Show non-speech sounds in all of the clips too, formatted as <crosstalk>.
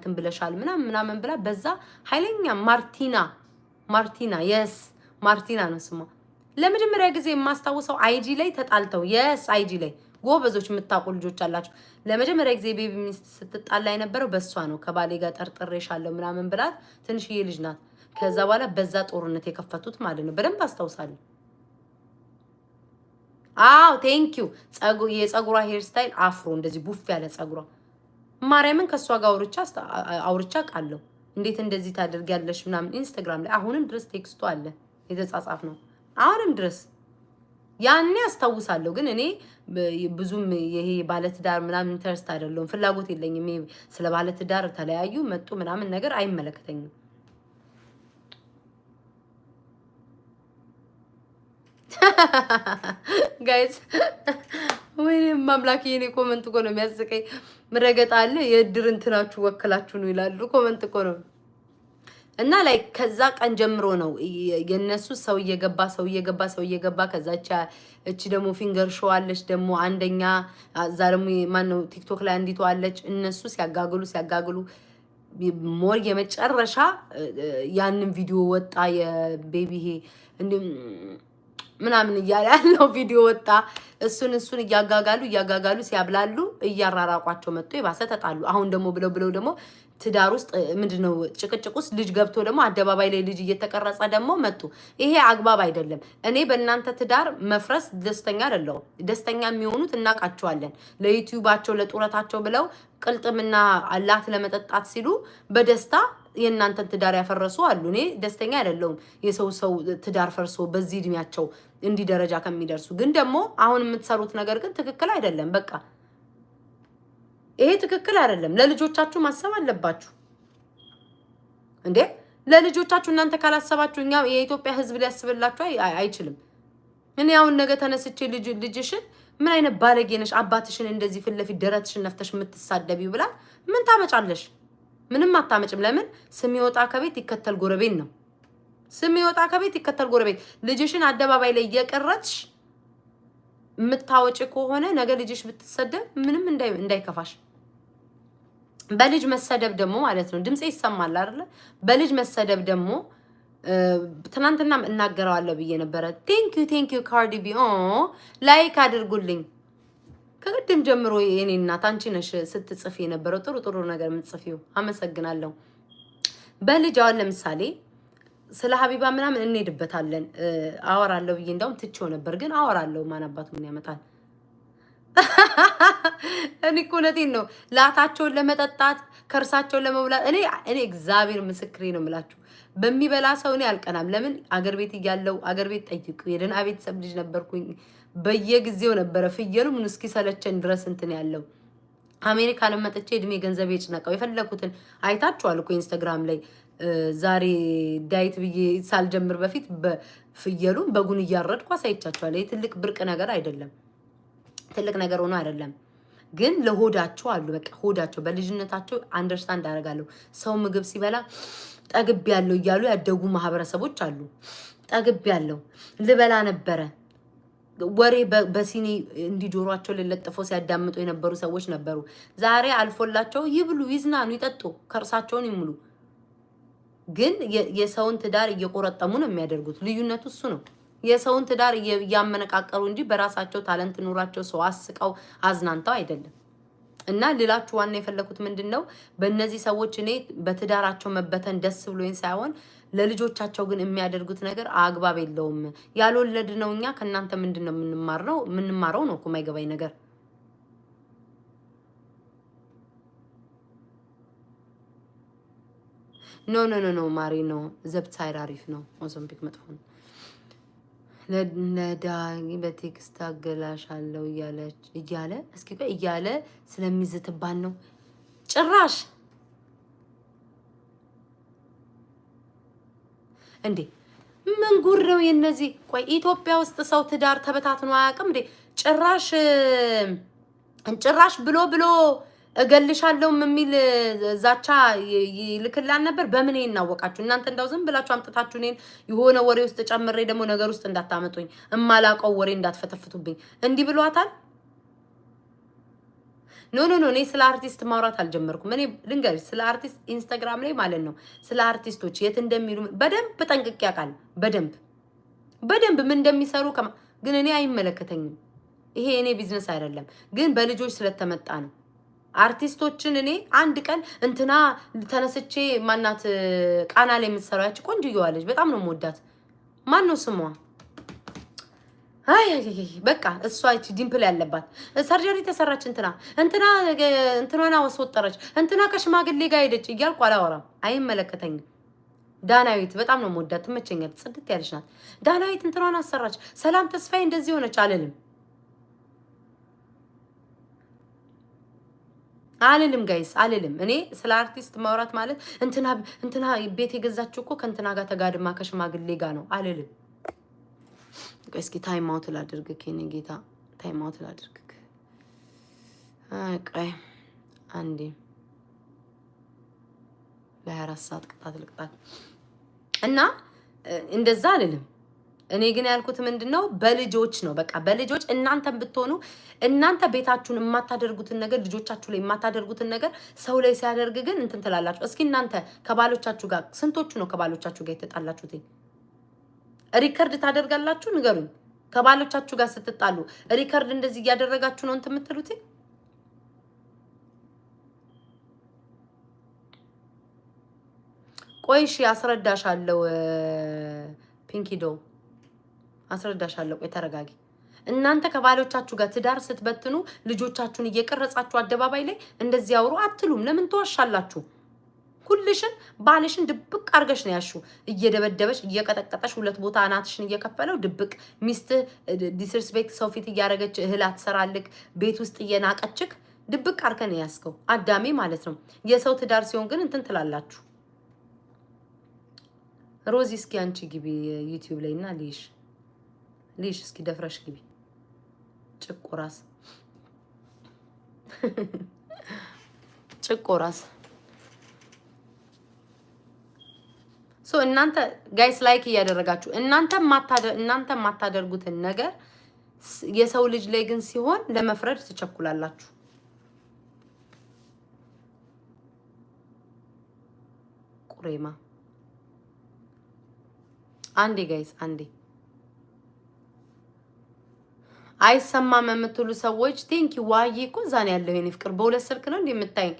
እንትን ብለሻል ምናምን ምናምን ብላ በዛ ኃይለኛ ማርቲና ማርቲና የስ ማርቲና ነው ስሟ። ለመጀመሪያ ጊዜ የማስታውሰው አይጂ ላይ ተጣልተው የስ አይጂ ላይ ጎበዞች የምታውቁ ልጆች አላቸው። ለመጀመሪያ ጊዜ ቤቢ ሚስት ስትጣላ የነበረው በእሷ ነው። ከባሌ ጋር ጠርጥሬሻለሁ ምናምን ብላት ትንሽዬ ልጅ ናት። ከዛ በኋላ በዛ ጦርነት የከፈቱት ማለት ነው። በደንብ አስታውሳለሁ። አዎ ቴንኪዩ። የፀጉሯ ሄር ስታይል አፍሮ እንደዚህ ቡፍ ያለ ፀጉሯ ማርያምን ከእሷ ጋር አውርቻ አውርቻ ቃለሁ እንዴት እንደዚህ ያለሽ ምናምን ኢንስታግራም ላይ አሁንም ድረስ ቴክስቱ አለ የተጻጻፍ ነው አሁንም ድረስ ያኔ አስታውሳለሁ። ግን እኔ ብዙም ይሄ ባለትዳር ምናምን ኢንተረስት አይደለሁም፣ ፍላጎት የለኝም። ስለ ባለትዳር ተለያዩ መጡ ምናምን ነገር አይመለከተኝም። <laughs> ጋይስ ወይ ማምላክ የኔ ኮመንት እኮ ነው የሚያስቀኝ። ምረገጣ አለ የእድር እንትናችሁ ወክላችሁ ነው ይላሉ። ኮመንት እኮ ነው እና ላይ ከዛ ቀን ጀምሮ ነው የነሱ ሰው እየገባ ሰው እየገባ ሰው እየገባ ከዛቻ እቺ ደግሞ ፊንገር ሾው አለች ደግሞ አንደኛ እዛ ደግሞ ማነው ቲክቶክ ላይ አንዲቱ አለች። እነሱ ሲያጋግሉ ሲያጋግሉ ሞር የመጨረሻ ያንን ቪዲዮ ወጣ የቤቢ ይሄ ምናምን እያለ ያለው ቪዲዮ ወጣ። እሱን እሱን እያጋጋሉ እያጋጋሉ ሲያብላሉ እያራራቋቸው መጥቶ የባሰ ተጣሉ። አሁን ደግሞ ብለው ብለው ደግሞ ትዳር ውስጥ ምንድነው ጭቅጭቅ ውስጥ ልጅ ገብቶ ደግሞ አደባባይ ላይ ልጅ እየተቀረጸ ደግሞ መጡ። ይሄ አግባብ አይደለም። እኔ በእናንተ ትዳር መፍረስ ደስተኛ አይደለሁም። ደስተኛ የሚሆኑት እናውቃቸዋለን። ለዩቲዩባቸው ለጡረታቸው ብለው ቅልጥምና ላት ለመጠጣት ሲሉ በደስታ የእናንተን ትዳር ያፈረሱ አሉ። እኔ ደስተኛ አይደለሁም የሰው ሰው ትዳር ፈርሶ በዚህ እድሜያቸው እንዲህ ደረጃ ከሚደርሱ። ግን ደግሞ አሁን የምትሰሩት ነገር ግን ትክክል አይደለም። በቃ ይሄ ትክክል አይደለም። ለልጆቻችሁ ማሰብ አለባችሁ እንዴ! ለልጆቻችሁ እናንተ ካላሰባችሁ እኛ የኢትዮጵያ ሕዝብ ሊያስብላችሁ አይችልም። እኔ አሁን ነገ ተነስቼ ልጅ ልጅሽን ምን አይነት ባለጌ ነሽ አባትሽን እንደዚህ ፊት ለፊት ደረትሽን ነፍተሽ የምትሳደቢ ብላል ምን ታመጫለሽ? ምንም አታመጭም። ለምን ይወጣ ከቤት ይከተል ጎረቤት ነው። ይወጣ ከቤት ይከተል ጎረቤት። ልጅሽን አደባባይ ላይ እየቀረትሽ የምታወጪ ከሆነ ነገ ልጅሽ ብትሰደብ ምንም እንዳይከፋሽ። በልጅ መሰደብ ደግሞ ማለት ነው ድምፄ ይሰማል አይደለ? በልጅ መሰደብ ደግሞ ትናንትናም እናገረዋለሁ ብዬ ነበረ። ቴንኪዩ ቴንኪዩ ካርዲ ቢ ላይክ አድርጉልኝ። ከቅድም ጀምሮ የኔ እናት አንቺ ነሽ ስትጽፊ የነበረው ጥሩ ጥሩ ነገር የምትጽፊው። አመሰግናለሁ። በልጅ አሁን ለምሳሌ ስለ ሀቢባ ምናምን እንሄድበታለን። አወራለሁ ብዬ እንዲያውም ትቼው ነበር፣ ግን አወራለሁ። ማን አባቱ ምን ያመጣል? <laughs> እኔ እኮ እውነቴን ነው። ላታቸውን ለመጠጣት ከእርሳቸውን ለመብላት እኔ እኔ እግዚአብሔር ምስክሬ ነው የምላችሁ በሚበላ ሰው እኔ አልቀናም። ለምን አገር ቤት እያለው አገር ቤት ጠይቅ የደህና ቤተሰብ ልጅ ነበርኩኝ። በየጊዜው ነበረ እስኪ ሰለቸን ድረስ እንትን ያለው አሜሪካ ለመጠቼ እድሜ ገንዘብ የጭነቀው የፈለኩትን አይታችኋል እኮ ኢንስታግራም ላይ ዛሬ ዳይት ብዬ ሳልጀምር በፊት በፍየሉን በጉን እያረድኩ አሳይቻችኋል። ይህ ትልቅ ብርቅ ነገር አይደለም፣ ትልቅ ነገር ሆኖ አይደለም። ግን ለሆዳቸው አሉ በቃ ሆዳቸው በልጅነታቸው አንደርስታንድ አደርጋለሁ። ሰው ምግብ ሲበላ ጠግብ ያለው እያሉ ያደጉ ማህበረሰቦች አሉ። ጠግብ ያለው ልበላ ነበረ ወሬ በሲኒ እንዲጆሯቸው ልለጥፈው ሲያዳምጡ የነበሩ ሰዎች ነበሩ። ዛሬ አልፎላቸው ይብሉ፣ ይዝናኑ፣ ይጠጡ፣ ከርሳቸውን ይሙሉ። ግን የሰውን ትዳር እየቆረጠሙ ነው የሚያደርጉት። ልዩነቱ እሱ ነው። የሰውን ትዳር እያመነቃቀሩ እንጂ በራሳቸው ታለንት ኑሯቸው ሰው አስቀው አዝናንተው አይደለም። እና ሌላችሁ ዋና የፈለኩት ምንድን ነው፣ በእነዚህ ሰዎች እኔ በትዳራቸው መበተን ደስ ብሎኝ ሳይሆን ለልጆቻቸው ግን የሚያደርጉት ነገር አግባብ የለውም። ያልወለድ ነው እኛ ከእናንተ ምንድን ነው የምንማረው? የምንማረው ነው እኮ የማይገባኝ ነገር ኖ ኖ ኖ ኖ ማሪ ነው ዘብት ሳይድ አሪፍ ነው። ኦዞምፒክ መጥፎ ነው። ለዳኒ በቴክስት አገላሻለሁ እያለች እያለ እስኪ ቆይ እያለ ስለሚዝትባን ነው ጭራሽ እንዴ ምን ጉድ ነው የነዚህ? ቆይ ኢትዮጵያ ውስጥ ሰው ትዳር ተበታትኖ አያውቅም እንዴ? ጭራሽ ጭራሽ ብሎ ብሎ እገልሻለሁ የሚል ዛቻ ይልክላል ነበር። በምን እናወቃችሁ እናንተ? እንዳው ዝም ብላችሁ አምጥታችሁ እኔን የሆነ ወሬ ውስጥ ጨምሬ ደግሞ ነገር ውስጥ እንዳታመጡኝ፣ እማላቀው ወሬ እንዳትፈተፍቱብኝ። እንዲህ ብሏታል። ኖ ኖ ኖ፣ እኔ ስለ አርቲስት ማውራት አልጀመርኩም። እኔ ልንገርሽ ስለ አርቲስት ኢንስታግራም ላይ ማለት ነው ስለ አርቲስቶች የት እንደሚሉ በደንብ ጠንቅቄ አውቃለሁ። በደንብ በደንብ ምን እንደሚሰሩ ግን እኔ አይመለከተኝም። ይሄ እኔ ቢዝነስ አይደለም፣ ግን በልጆች ስለተመጣ ነው አርቲስቶችን እኔ አንድ ቀን እንትና ተነስቼ ማናት ቃና ላይ የምትሰራች ቆንጆ ልጅ በጣም ነው የምወዳት። ማን ነው ስሟ? አይ በቃ እሷ ይቺ ዲምፕል ያለባት ሰርጀሪ ተሰራች። እንትና እንትና እንትናን አስወጠረች። እንትና ከሽማግሌ ጋር ሄደች እያልኩ አላወራም። አይመለከተኝም። ዳናዊት በጣም ነው የምወዳት፣ ትመቸኛል። ጽድት ያለች ናት። ዳናዊት እንትናን አሰራች፣ ሰላም ተስፋዬ እንደዚህ ሆነች አልልም። አልልም ጋይስ አልልም። እኔ ስለ አርቲስት ማውራት ማለት እንትና እንትና ቤት የገዛችው እኮ ከእንትና ጋር ተጋድማ ከሽማግሌ ጋር ነው አልልም። እስኪ ታይም አውት ላድርግ፣ ኬኔ ጌታ ታይም አውት ላድርግ። ቆይ አንዴ ለሀያ አራት ሰዓት ቅጣት ልቅጣት እና እንደዛ አልልም። እኔ ግን ያልኩት ምንድን ነው በልጆች ነው። በቃ በልጆች እናንተን ብትሆኑ እናንተ ቤታችሁን የማታደርጉትን ነገር ልጆቻችሁ ላይ የማታደርጉትን ነገር ሰው ላይ ሲያደርግ ግን እንትን ትላላችሁ። እስኪ እናንተ ከባሎቻችሁ ጋር ስንቶቹ ነው ከባሎቻችሁ ጋር የተጣላችሁት? ሪከርድ ታደርጋላችሁ? ንገሩኝ። ከባሎቻችሁ ጋር ስትጣሉ ሪከርድ እንደዚህ እያደረጋችሁ ነው እንትን የምትሉት? ቆይ እሺ፣ አስረዳሻለሁ ፒንኪ አስረዳሻለሁ። ቆይ ተረጋጊ። እናንተ ከባሎቻችሁ ጋር ትዳር ስትበትኑ ልጆቻችሁን እየቀረጻችሁ አደባባይ ላይ እንደዚህ አውሩ አትሉም። ለምን ትዋሻላችሁ? ሁልሽን ባልሽን ድብቅ አርገሽ ነው ያሹ እየደበደበሽ እየቀጠቀጠሽ ሁለት ቦታ አናትሽን እየከፈለው ድብቅ ሚስትህ ዲስርስፔክት ሰው ፊት እያደረገች እህል አትሰራልክ ቤት ውስጥ እየናቀችክ ድብቅ ነው ያስከው አዳሜ ማለት ነው። የሰው ትዳር ሲሆን ግን እንትን ትላላችሁ። ሮዚ እስኪ አንቺ ግቢ ዩቲዩብ ላይ እና ልይሽ ልሽ እስኪ ደፍረሽ ግቢ። ጭቆ ራስ <laughs> ጭቆ ራስ ሶ እናንተ ጋይስ ላይክ እያደረጋችሁ እናንተ እናንተ የማታደርጉትን ነገር የሰው ልጅ ላይ ግን ሲሆን ለመፍረድ ትቸኩላላችሁ። ቁሬማ አንዴ ጋይስ አንዴ አይሰማም የምትሉ ሰዎች ቴንኪ ዋዬ እኮ እዛ ነው ያለው የኔ ፍቅር። በሁለት ስልክ ነው እንዲ የምታይኝ።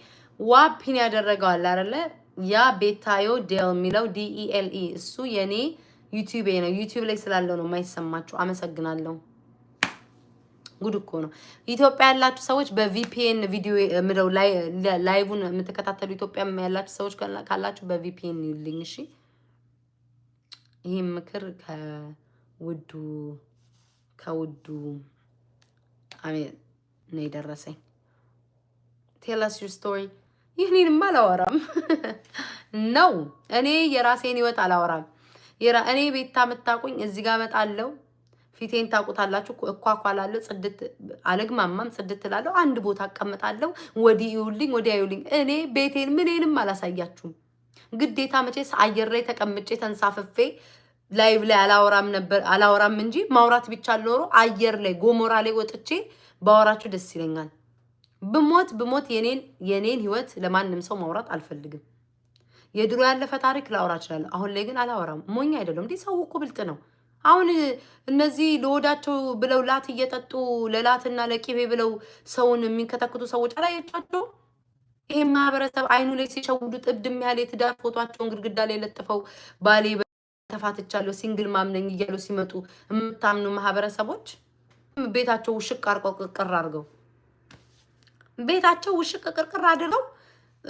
ዋ ፒን አለ አይደለ? ያ ቤታዮ ዴል የሚለው ዲኢኤልኢ እሱ የኔ ዩቲዩብ ነው። ዩቲዩብ ላይ ስላለው ነው የማይሰማችሁ። አመሰግናለሁ። ጉድ እኮ ነው። ኢትዮጵያ ያላችሁ ሰዎች በቪፒኤን ቪዲዮ ምለው ላይቡን የምትከታተሉ ኢትዮጵያ ያላችሁ ሰዎች ካላችሁ በቪፒኤን ይልኝ። እሺ ይህም ምክር ከውዱ ከውዱ አሜን ነው የደረሰኝ። ቴለስ ዩር ስቶሪ። ይህኔንም አላወራም ነው <laughs> እኔ የራሴን ህይወት አላወራም። እኔ ቤታ የምታውቁኝ እዚህ ጋር መጣለው። ፊቴን ታቁታላችሁ እኳኳላለሁ፣ ጽድት አለግማማም፣ ጽድት እላለሁ፣ አንድ ቦታ አቀምጣለሁ፣ ወዲህ ይውልኝ፣ ወዲያ ይውልኝ። እኔ ቤቴን ምኔንም አላሳያችሁም። ግዴታ መቼስ አየር ላይ ተቀምጬ ተንሳፍፌ ላይቭ ላይ አላወራም ነበር አላወራም እንጂ ማውራት ብቻ ኖሮ አየር ላይ ጎሞራ ላይ ወጥቼ ባወራችሁ ደስ ይለኛል። ብሞት ብሞት የኔን የኔን ህይወት ለማንም ሰው ማውራት አልፈልግም። የድሮ ያለፈ ታሪክ ላወራ እችላለሁ። አሁን ላይ ግን አላወራም። ሞኝ አይደለም እንዲህ ሰው እኮ ብልጥ ነው። አሁን እነዚህ ለወዳቸው ብለው ላት እየጠጡ ለላትና ለቂቤ ብለው ሰውን የሚንከተክቱ ሰዎች አላየቻቸው? ይሄ ማህበረሰብ አይኑ ላይ ሲሸውዱ ጥብድም ያለ የትዳር ፎቷቸውን ግድግዳ ላይ ለጥፈው ባሌ ተፋትቻለሁ ሲንግል ማምነኝ እያሉ ሲመጡ የምታምኑ ማህበረሰቦች ቤታቸው ውሽቅ አርቀው ቅቅር አድርገው ቤታቸው ውሽቅ ቅርቅር አድርገው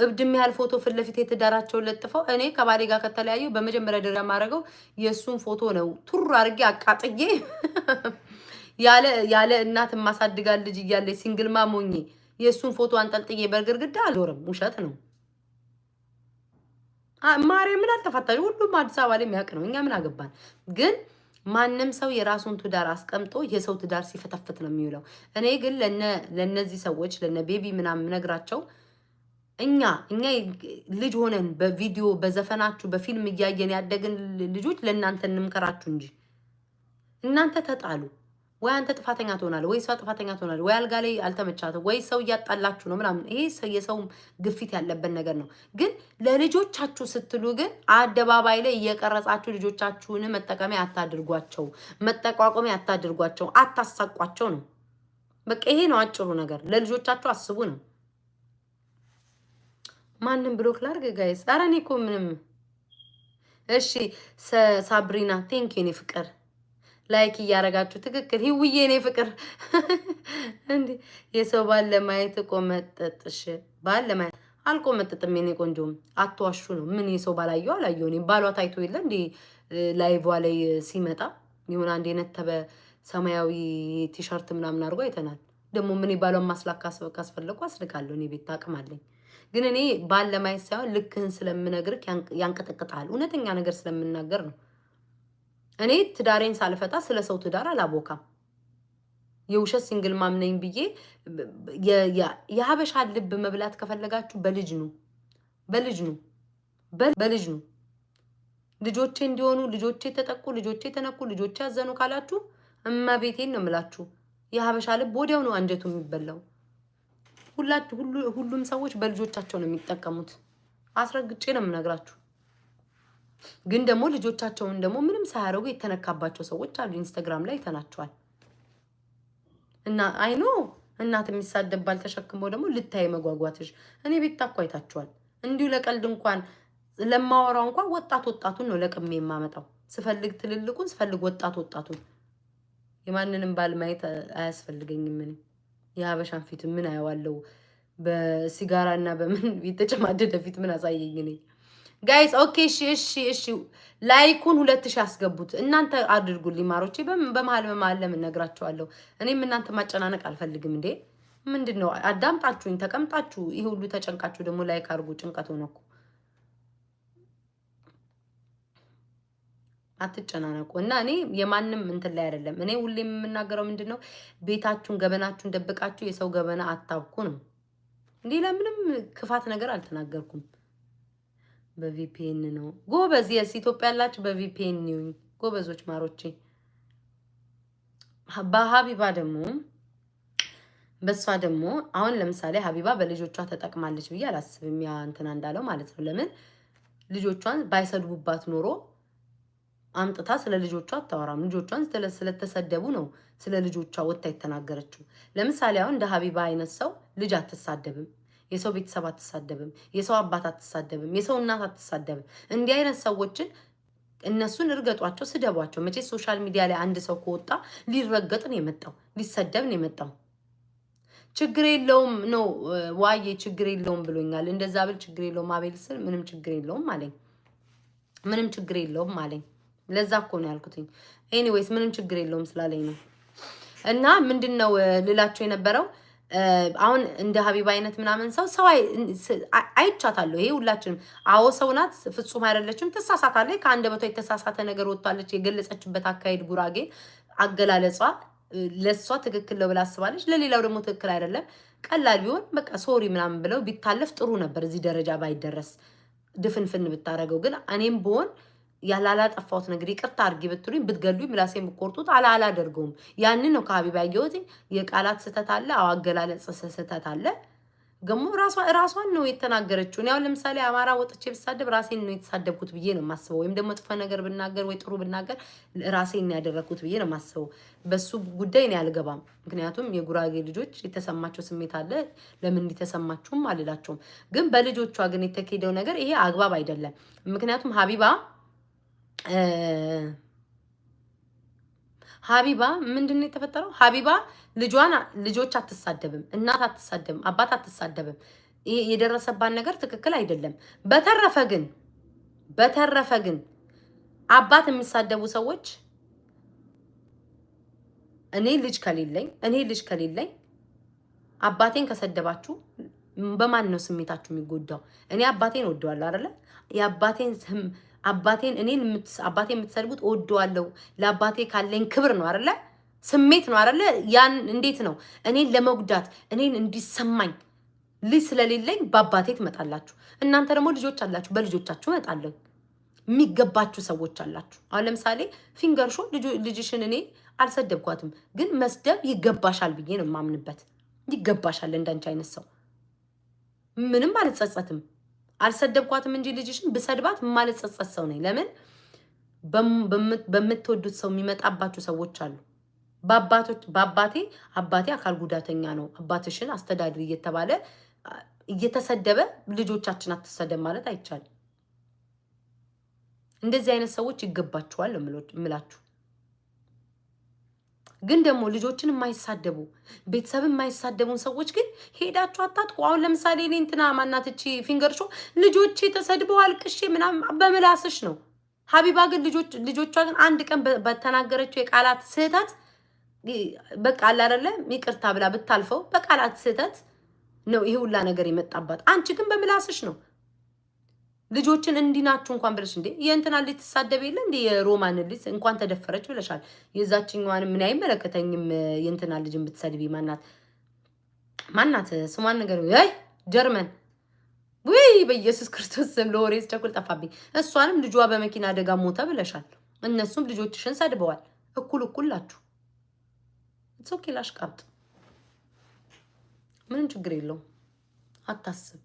እብድ የሚያህል ፎቶ ፊት ለፊት የትዳራቸውን ለጥፈው እኔ ከባሌ ጋር ከተለያዩ በመጀመሪያ ደረጃ የማደርገው የእሱን ፎቶ ነው ቱር አድርጌ አቃጥዬ ያለ እናት የማሳድጋ ልጅ እያለ ሲንግል ማሞኜ የእሱን ፎቶ አንጠልጥዬ በግርግዳ አልዞርም። ውሸት ነው። ማርያም ምን ሁሉም አዲስ አበባ ላይ የሚያውቅ ነው። እኛ ምን አገባን? ግን ማንም ሰው የራሱን ትዳር አስቀምጦ የሰው ትዳር ሲፈተፍት ነው የሚውለው። እኔ ግን ለነዚህ ሰዎች ለነ ቤቢ ምናምን ነግራቸው እኛ እኛ ልጅ ሆነን በቪዲዮ በዘፈናችሁ በፊልም እያየን ያደግን ልጆች ለእናንተ እንምከራችሁ እንጂ እናንተ ተጣሉ ወይ አንተ ጥፋተኛ ትሆናል ወይ እሷ ጥፋተኛ ትሆናል ወይ አልጋ ላይ አልተመቻትም፣ ወይ ሰው እያጣላችሁ ነው ምናምን። ይሄ የሰው ግፊት ያለበት ነገር ነው። ግን ለልጆቻችሁ ስትሉ ግን አደባባይ ላይ እየቀረጻችሁ ልጆቻችሁን መጠቀሚያ አታድርጓቸው፣ መጠቋቋሚያ አታድርጓቸው፣ አታሳቋቸው ነው በቃ። ይሄ ነው አጭሩ ነገር። ለልጆቻችሁ አስቡ ነው። ማንም ብሎክ ላርግ ጋይስ? ኧረ እኔ እኮ ምንም። እሺ ሳብሪና ቴንክ ኔ ፍቅር ላይክ እያረጋችሁ ትክክል ይውዬ ኔ ፍቅር <laughs> እንዴ የሰው ባል ለማየት ቆመጠጥሽ ባል ለማየት አልቆመጠጥም። የኔ ቆንጆም አትዋሹ ነው። ምን የሰው ባላየው አላየው እኔ ባሏ ታይቶ የለ እንዴ ላይቭ ላይ ሲመጣ ይሁን አንድ የነተበ ሰማያዊ ቲሸርት ምናምን አድርጎ አይተናል። ደግሞ ምን ባሏን ማስላክ ካስፈለጉ አስልካለሁ። እኔ ቤት አቅም አለኝ። ግን እኔ ባል ለማየት ሳይሆን ልክህን ስለምነግርህ ያንቀጠቅጣል። እውነተኛ ነገር ስለምናገር ነው። እኔ ትዳሬን ሳልፈታ ስለ ሰው ትዳር አላቦካም። የውሸት ሲንግል ማም ነኝ ብዬ የሀበሻ ልብ መብላት ከፈለጋችሁ በልጅ ነው በልጅ ነው በልጅ ነው። ልጆቼ እንዲሆኑ ልጆቼ ተጠቁ፣ ልጆቼ ተነኩ፣ ልጆቼ ያዘኑ ካላችሁ እመቤቴን ነው የምላችሁ። የሀበሻ ልብ ወዲያው ነው አንጀቱ የሚበላው። ሁሉም ሰዎች በልጆቻቸው ነው የሚጠቀሙት። አስረግጬ ነው የምነግራችሁ። ግን ደግሞ ልጆቻቸውን ደግሞ ምንም ሳያደርጉ የተነካባቸው ሰዎች አሉ። ኢንስታግራም ላይ ተናቸዋል እና አይኖ እናት የሚሳደብ ባል ተሸክሞ ደግሞ ልታይ መጓጓትሽ እኔ ቤት ታኳይታችኋል። እንዲሁ ለቀልድ እንኳን ለማወራው እንኳን ወጣት ወጣቱን ነው ለቅሜ የማመጣው። ስፈልግ ትልልቁን፣ ስፈልግ ወጣት ወጣቱን። የማንንም ባል ማየት አያስፈልገኝም። ምን የሀበሻን ፊት ምን አየዋለው? በሲጋራ እና በምን <laughs> የተጨማደደ ፊት ምን አሳየኝ ነኝ ጋይስ ኦኬ፣ እሺ፣ እሺ፣ እሺ። ላይኩን ሁለት ሺህ አስገቡት እናንተ አድርጉልኝ ማሮቼ። በመሀል በመሀል ለምን ነግራችኋለሁ። እኔም እናንተ ማጨናነቅ አልፈልግም። እንዴ ምንድን ነው አዳምጣችሁኝ፣ ተቀምጣችሁ ይህ ሁሉ ተጨንቃችሁ ደግሞ ላይክ አድርጉ። ጭንቀት ሆነ እኮ አትጨናነቁ እና እኔ የማንም እንትን ላይ አይደለም። እኔ ሁሌ የምናገረው ምንድን ነው ቤታችሁን ገበናችሁን ደብቃችሁ የሰው ገበና አታብኩ ነው እንዲህ። ለምንም ክፋት ነገር አልተናገርኩም። በቪፒኤን ነው ጎበዝ። የስ ኢትዮጵያ ያላችሁ በቪፒኤን ነው ጎበዞች ማሮቼ። በሀቢባ ደግሞ በእሷ ደግሞ አሁን ለምሳሌ ሀቢባ በልጆቿ ተጠቅማለች ብዬ አላስብም። ያ እንትና እንዳለው ማለት ነው። ለምን ልጆቿን ባይሰድቡባት ኖሮ አምጥታ ስለ ልጆቿ አታወራም። ልጆቿን ስለተሰደቡ ነው ስለ ልጆቿ ወጥታ የተናገረችው። ለምሳሌ አሁን እንደ ሀቢባ አይነት ሰው ልጅ አትሳደብም። የሰው ቤተሰብ አትሳደብም፣ የሰው አባት አትሳደብም፣ የሰው እናት አትሳደብም። እንዲህ አይነት ሰዎችን እነሱን እርገጧቸው፣ ስደቧቸው። መቼ ሶሻል ሚዲያ ላይ አንድ ሰው ከወጣ ሊረገጥ ነው የመጣው፣ ሊሰደብ ነው የመጣው። ችግር የለውም ነው ዋዬ፣ ችግር የለውም ብሎኛል። እንደዛ ብል ችግር የለውም አቤል ስል ምንም ችግር የለውም አለኝ። ምንም ችግር የለውም አለኝ። ለዛ እኮ ነው ያልኩትኝ። ኤኒዌይስ ምንም ችግር የለውም ስላለኝ ነው። እና ምንድን ነው ልላቸው የነበረው አሁን እንደ ሀቢባ አይነት ምናምን ሰው ሰው አይቻታለሁ። ይሄ ሁላችንም አዎ፣ ሰው ናት፣ ፍጹም አይደለችም፣ ትሳሳታለች። ከአንደበቷ የተሳሳተ ነገር ወጥታለች። የገለጸችበት አካሄድ ጉራጌ አገላለጿ ለእሷ ትክክል ነው ብላ አስባለች፣ ለሌላው ደግሞ ትክክል አይደለም። ቀላል ቢሆን በቃ ሶሪ ምናምን ብለው ቢታለፍ ጥሩ ነበር፣ እዚህ ደረጃ ባይደረስ ድፍንፍን ብታደረገው። ግን እኔም ብሆን ያላላጠፋሁት ነገር ይቅርታ አድርጊ ብትሉኝ ብትገሉኝ ምላሴ የምቆርጡት አላ አላደርገውም። ያንን ነው ከሀቢባ ያየሁት። የቃላት ስህተት አለ፣ አገላለጽ ስህተት አለ። ደግሞ ራሷን ነው የተናገረችው። ያው ለምሳሌ አማራ ወጥቼ ብሳደብ ራሴን ነው የተሳደብኩት ብዬ ነው የማስበው። ወይም ደግሞ መጥፎ ነገር ብናገር ወይ ጥሩ ብናገር ራሴን ያደረግኩት ብዬ ነው የማስበው። በሱ ጉዳይ እኔ አልገባም። ምክንያቱም የጉራጌ ልጆች የተሰማቸው ስሜት አለ። ለምን እንዲተሰማችሁም አልላቸውም። ግን በልጆቿ ግን የተካሄደው ነገር ይሄ አግባብ አይደለም። ምክንያቱም ሀቢባ ሀቢባ ምንድን ነው የተፈጠረው? ሀቢባ ልጇን ልጆች አትሳደብም፣ እናት አትሳደብም፣ አባት አትሳደብም። የደረሰባት ነገር ትክክል አይደለም። በተረፈ ግን በተረፈ ግን አባት የሚሳደቡ ሰዎች እኔ ልጅ ከሌለኝ እኔ ልጅ ከሌለኝ አባቴን ከሰደባችሁ በማን ነው ስሜታችሁ የሚጎዳው? እኔ አባቴን ወደዋለሁ አይደለ የአባቴን አባቴን እኔን አባቴ የምትሰድቡት እወደዋለሁ ለአባቴ ካለኝ ክብር ነው አይደለ? ስሜት ነው አይደለ? ያን እንዴት ነው እኔን ለመጉዳት እኔን እንዲሰማኝ ልጅ ስለሌለኝ በአባቴ ትመጣላችሁ። እናንተ ደግሞ ልጆች አላችሁ፣ በልጆቻችሁ እመጣለሁ። የሚገባችሁ ሰዎች አላችሁ። አሁን ለምሳሌ ፊንገርሾ ልጅሽን እኔ አልሰደብኳትም፣ ግን መስደብ ይገባሻል ብዬ ነው የማምንበት። ይገባሻል እንዳንቺ አይነት ሰው ምንም አልጸጸትም። አልሰደብኳትም እንጂ ልጅሽን ብሰድባት የማልጸጸት ሰው ነኝ። ለምን በምትወዱት ሰው የሚመጣባችሁ ሰዎች አሉ። በአባቴ አባቴ አካል ጉዳተኛ ነው አባትሽን አስተዳድር እየተባለ እየተሰደበ ልጆቻችን አትሰደብ ማለት አይቻልም። እንደዚህ አይነት ሰዎች ይገባችኋል የምላችሁ ግን ደግሞ ልጆችን የማይሳደቡ ቤተሰብን የማይሳደቡን ሰዎች ግን ሄዳችሁ አታጥቁ። አሁን ለምሳሌ እኔ እንትና ማናትቺ ፊንገር ሾ ልጆቼ ተሰድበው አልቅሼ ምናምን በምላስሽ ነው። ሀቢባ ግን ልጆቿ ግን አንድ ቀን በተናገረችው የቃላት ስህተት በቃ አላደለ ይቅርታ ብላ ብታልፈው በቃላት ስህተት ነው ይሄ ሁላ ነገር የመጣባት። አንቺ ግን በምላስሽ ነው። ልጆችን እንዲህ እንኳን ብለሽ እንዴ የእንትና ልጅ ትሳደብ የለ እንዴ የሮማን ልጅ እንኳን ተደፈረች ብለሻል። የዛችኛዋን ምን አይመለከተኝም። የእንትና ልጅ ብትሰድቢ ማናት ማናት ስሟን ነገር ይ ጀርመን ውይ በኢየሱስ ክርስቶስ ስም ለወሬ ስቸኩል ጠፋብኝ። እሷንም ልጇ በመኪና አደጋ ሞተ ብለሻል። እነሱም ልጆችሽን ሰድበዋል። እኩል እኩል ላችሁ ሶኬ ላሽቃብጥ ምንም ችግር የለውም። አታስብ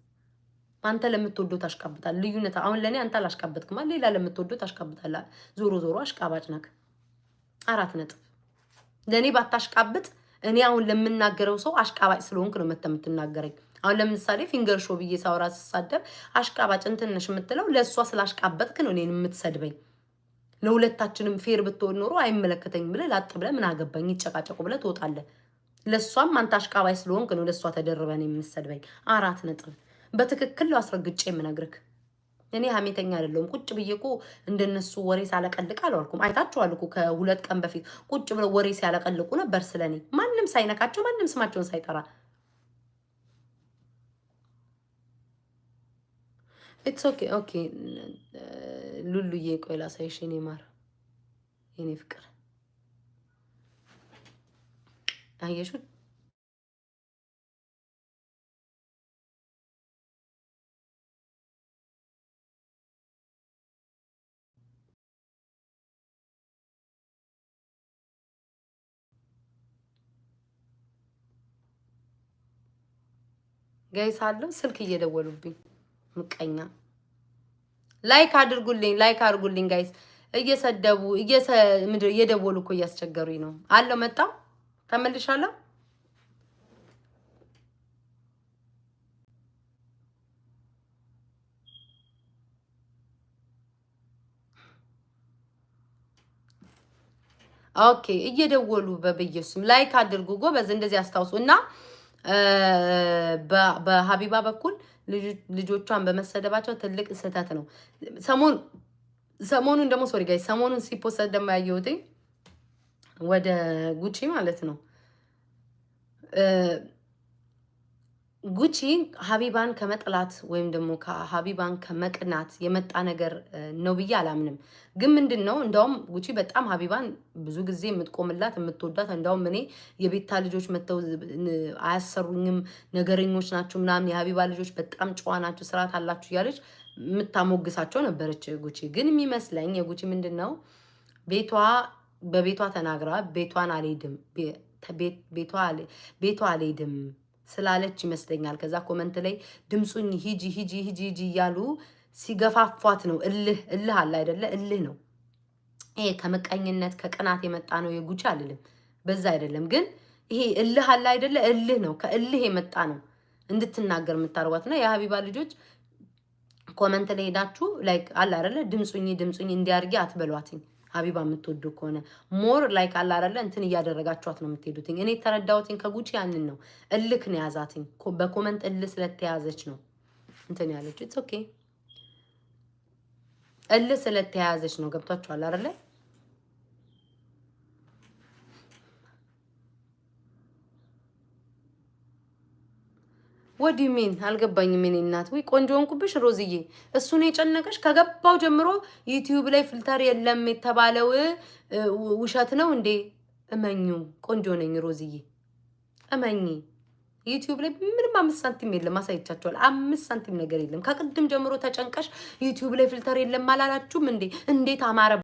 አንተ ለምትወዱ ታሽቃብጣል። ልዩነት አሁን ለእኔ አንተ አላሽቃበጥክማ፣ ሌላ ለምትወዱ ታሽቃብጣላ። ዞሮ ዞሮ አሽቃባጭ ነክ አራት ነጥብ። ለእኔ ባታሽቃብጥ እኔ አሁን ለምናገረው ሰው አሽቃባጭ ስለሆንክ ነው መተ የምትናገረኝ። አሁን ለምሳሌ ፊንገር ሾ ብዬ ሳውራ ስሳደብ አሽቃባጭ እንትንሽ የምትለው ለእሷ ስላሽቃበጥክ ነው እኔን የምትሰድበኝ። ለሁለታችንም ፌር ብትሆን ኖሮ አይመለከተኝም ብለህ ላጥ ብለህ ምን አገባኝ ይጨቃጨቁ ብለህ ትወጣለህ። ለእሷም አንተ አሽቃባጭ ስለሆንክ ነው ለእሷ ተደርበን የምትሰድበኝ። አራት ነጥብ በትክክል አስረግጬ የምነግርክ እኔ ሀሜተኛ አይደለሁም። ቁጭ ብዬ እኮ እንደነሱ ወሬ ሳለቀልቅ አልዋልኩም። አይታችኋል እኮ ከሁለት ቀን በፊት ቁጭ ብለው ወሬ ሲያለቀልቁ ነበር ስለኔ፣ ማንም ሳይነካቸው፣ ማንም ስማቸውን ሳይጠራ። ኢትስ ኦኬ ኦኬ። ሉሉዬ ቆይ ላሳይሽ የኔ ማር የኔ ፍቅር አየሹ ጋይ ሳለው ስልክ እየደወሉብኝ ምቀኛ። ላይክ አድርጉልኝ፣ ላይክ አድርጉልኝ ጋይስ። እየሰደቡ ምድር እየደወሉ እኮ እያስቸገሩኝ ነው። አለው መጣው ተመልሻለሁ። ኦኬ እየደወሉ በብየሱም ላይክ አድርጉ ጎበዝ። እንደዚህ አስታውሱ እና በሀቢባ በኩል ልጆቿን በመሰደባቸው ትልቅ ስህተት ነው። ሰሞኑን ደግሞ ሶሪ ጋይ ሰሞኑን ሲፖሰት ደግሞ ያየሁትኝ ወደ ጉቺ ማለት ነው ጉቺ ሀቢባን ከመጥላት ወይም ደግሞ ከሀቢባን ከመቅናት የመጣ ነገር ነው ብዬ አላምንም። ግን ምንድን ነው እንደውም ጉቺ በጣም ሀቢባን ብዙ ጊዜ የምትቆምላት የምትወዳት፣ እንደውም እኔ የቤታ ልጆች መተው አያሰሩኝም፣ ነገረኞች ናቸው ምናምን፣ የሀቢባ ልጆች በጣም ጨዋ ናቸው፣ ስርዓት አላችሁ እያለች የምታሞግሳቸው ነበረች ጉቺ። ግን የሚመስለኝ የጉቺ ምንድን ነው ቤቷ በቤቷ ተናግራ ቤቷን አልሄድም ቤቷ አልሄድም ስላለች ይመስለኛል። ከዛ ኮመንት ላይ ድምፁን ሂጂ ሂጂ ሂጂ ሂጂ እያሉ ሲገፋፏት ነው። እልህ እልህ አለ አይደለ? እልህ ነው ይሄ። ከምቀኝነት ከቅናት የመጣ ነው የጉቺ አልልም፣ በዛ አይደለም ግን ይሄ እልህ አለ አይደለ? እልህ ነው፣ ከእልህ የመጣ ነው እንድትናገር የምታደርጓት እና የሀቢባ ልጆች ኮመንት ላይ ሄዳችሁ ላይክ አለ አይደለ? ድምፁኝ ድምፁኝ እንዲያርጌ አትበሏትኝ። ሀቢባ የምትወዱ ከሆነ ሞር ላይ ቃል አይደለ እንትን እያደረጋችኋት ነው የምትሄዱትኝ። እኔ ተረዳውትኝ ከጉቺ ያንን ነው እልክ ነው ያዛትኝ። በኮመንት እል ስለተያዘች ነው እንትን ያለች። ኦኬ እል ስለተያዘች ነው። ገብቷችኋል አይደለ? ወዲ ሚን አልገባኝ። ምን እናት ወይ ቆንጆ ሆንኩብሽ ሮዝዬ፣ እሱን የጨነቀሽ ከገባው ጀምሮ ዩቲዩብ ላይ ፊልተር የለም የተባለው ውሸት ነው እንዴ? እመኙ ቆንጆ ነኝ ሮዝዬ፣ እመኝ። ዩቲዩብ ላይ ምንም አምስት ሳንቲም የለም። አሳይቻቸዋል። አምስት ሳንቲም ነገር የለም። ከቅድም ጀምሮ ተጨንቀሽ ዩቲዩብ ላይ ፊልተር የለም አላላችሁም እንዴ? እንዴት አማረ